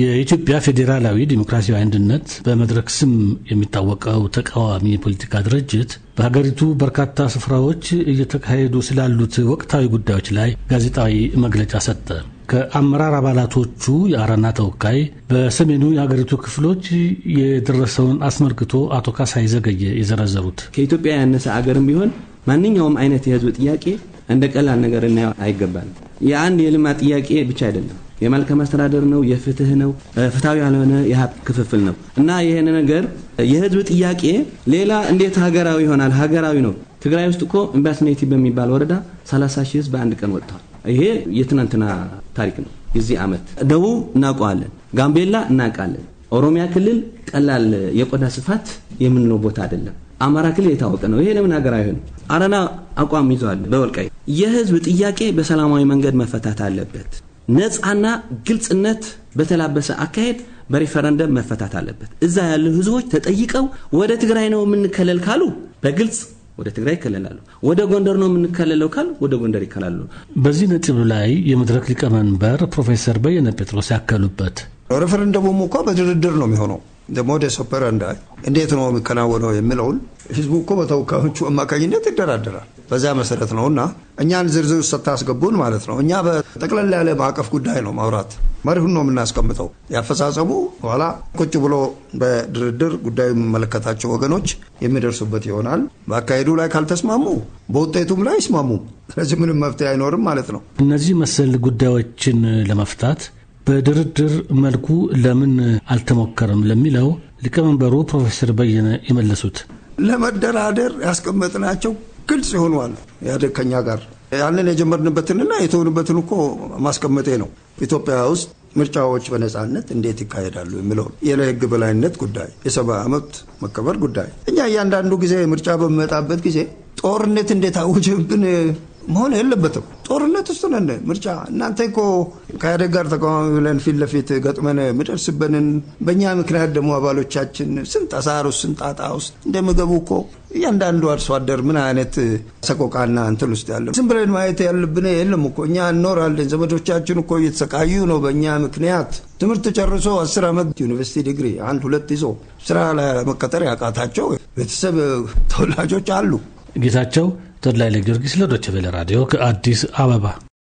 የኢትዮጵያ ፌዴራላዊ ዲሞክራሲያዊ አንድነት በመድረክ ስም የሚታወቀው ተቃዋሚ የፖለቲካ ድርጅት በሀገሪቱ በርካታ ስፍራዎች እየተካሄዱ ስላሉት ወቅታዊ ጉዳዮች ላይ ጋዜጣዊ መግለጫ ሰጠ። ከአመራር አባላቶቹ የአረና ተወካይ በሰሜኑ የሀገሪቱ ክፍሎች የደረሰውን አስመልክቶ አቶ ካሳይ ዘገየ የዘረዘሩት ከኢትዮጵያ ያነሰ አገርም ቢሆን ማንኛውም አይነት የህዝብ ጥያቄ እንደ ቀላል ነገር እናየው አይገባል። የአንድ የልማት ጥያቄ ብቻ አይደለም። የመልካም አስተዳደር ነው፣ የፍትህ ነው፣ ፍትሐዊ ያልሆነ የሀብት ክፍፍል ነው እና ይህን ነገር የህዝብ ጥያቄ ሌላ እንዴት ሀገራዊ ይሆናል? ሀገራዊ ነው። ትግራይ ውስጥ እኮ እምቢያስኔቲ በሚባል ወረዳ 30 ሺህ ህዝብ በአንድ ቀን ወጥተዋል። ይሄ የትናንትና ታሪክ ነው። የዚህ ዓመት ደቡብ እናውቀዋለን፣ ጋምቤላ እናውቃለን። ኦሮሚያ ክልል ቀላል የቆዳ ስፋት የምንለው ቦታ አይደለም። አማራ ክልል የታወቀ ነው። ይሄ ለምን ሀገር አይሆንም? አረና አቋም ይዘዋል። በወልቃይ የህዝብ ጥያቄ በሰላማዊ መንገድ መፈታት አለበት። ነፃና ግልጽነት በተላበሰ አካሄድ በሪፈረንደም መፈታት አለበት። እዛ ያሉ ህዝቦች ተጠይቀው ወደ ትግራይ ነው የምንከለል ካሉ በግልጽ ወደ ትግራይ ይከለላሉ። ወደ ጎንደር ነው የምንከለለው ካሉ ወደ ጎንደር ይከላሉ። በዚህ ነጥብ ላይ የመድረክ ሊቀመንበር ፕሮፌሰር በየነ ጴጥሮስ ያከሉበት ሪፈረንደሙም እኮ በድርድር ነው የሚሆነው ሞደስ ኦፐራንዲ እንዴት ነው የሚከናወነው የሚለውን ህዝቡ እኮ በተወካዮቹ አማካኝነት ይደራደራል። በዛ መሰረት ነው እና እኛን ዝርዝር ውስጥ ስታስገቡን ማለት ነው። እኛ በጠቅላላ ያለ ማዕቀፍ ጉዳይ ነው ማውራት መሪሁን ነው የምናስቀምጠው። ያፈጻጸሙ ኋላ ቁጭ ብሎ በድርድር ጉዳዩ የሚመለከታቸው ወገኖች የሚደርሱበት ይሆናል። በአካሄዱ ላይ ካልተስማሙ በውጤቱም ላይ አይስማሙም። ስለዚህ ምንም መፍትሄ አይኖርም ማለት ነው። እነዚህ መሰል ጉዳዮችን ለመፍታት በድርድር መልኩ ለምን አልተሞከረም ለሚለው ሊቀመንበሩ ፕሮፌሰር በየነ የመለሱት ለመደራደር ያስቀመጥናቸው ግልጽ ይሆኗል። ያደግ ከኛ ጋር ያንን የጀመርንበትንና የተውንበትን እኮ ማስቀመጤ ነው። ኢትዮጵያ ውስጥ ምርጫዎች በነፃነት እንዴት ይካሄዳሉ የሚለው የህግ በላይነት ጉዳይ፣ የሰብአዊ መብት መከበር ጉዳይ እኛ እያንዳንዱ ጊዜ ምርጫ በሚመጣበት ጊዜ ጦርነት አውጅብን መሆን የለበትም። ጦርነት ውስጥ ነን። ምርጫ እናንተ እኮ ከኢህአዴግ ጋር ተቃዋሚ ብለን ፊት ለፊት ገጥመን የምደርስብንን በእኛ ምክንያት ደግሞ አባሎቻችን ስንት አሳር ውስጥ ስንት ጣጣ ውስጥ እንደሚገቡ እኮ እያንዳንዱ አርሶ አደር ምን አይነት ሰቆቃና እንትን ውስጥ ያለ ዝም ብለን ማየት ያለብን የለም እኮ እኛ እኖራለን። ዘመዶቻችን እኮ እየተሰቃዩ ነው በእኛ ምክንያት። ትምህርት ጨርሶ አስር ዓመት ዩኒቨርሲቲ ዲግሪ አንድ ሁለት ይዞ ስራ ለመቀጠር ያቃታቸው ቤተሰብ ተወላጆች አሉ ጌታቸው ተድላይ ለጊዮርጊስ ለዶቸቬለ ራዲዮ ከአዲስ አበባ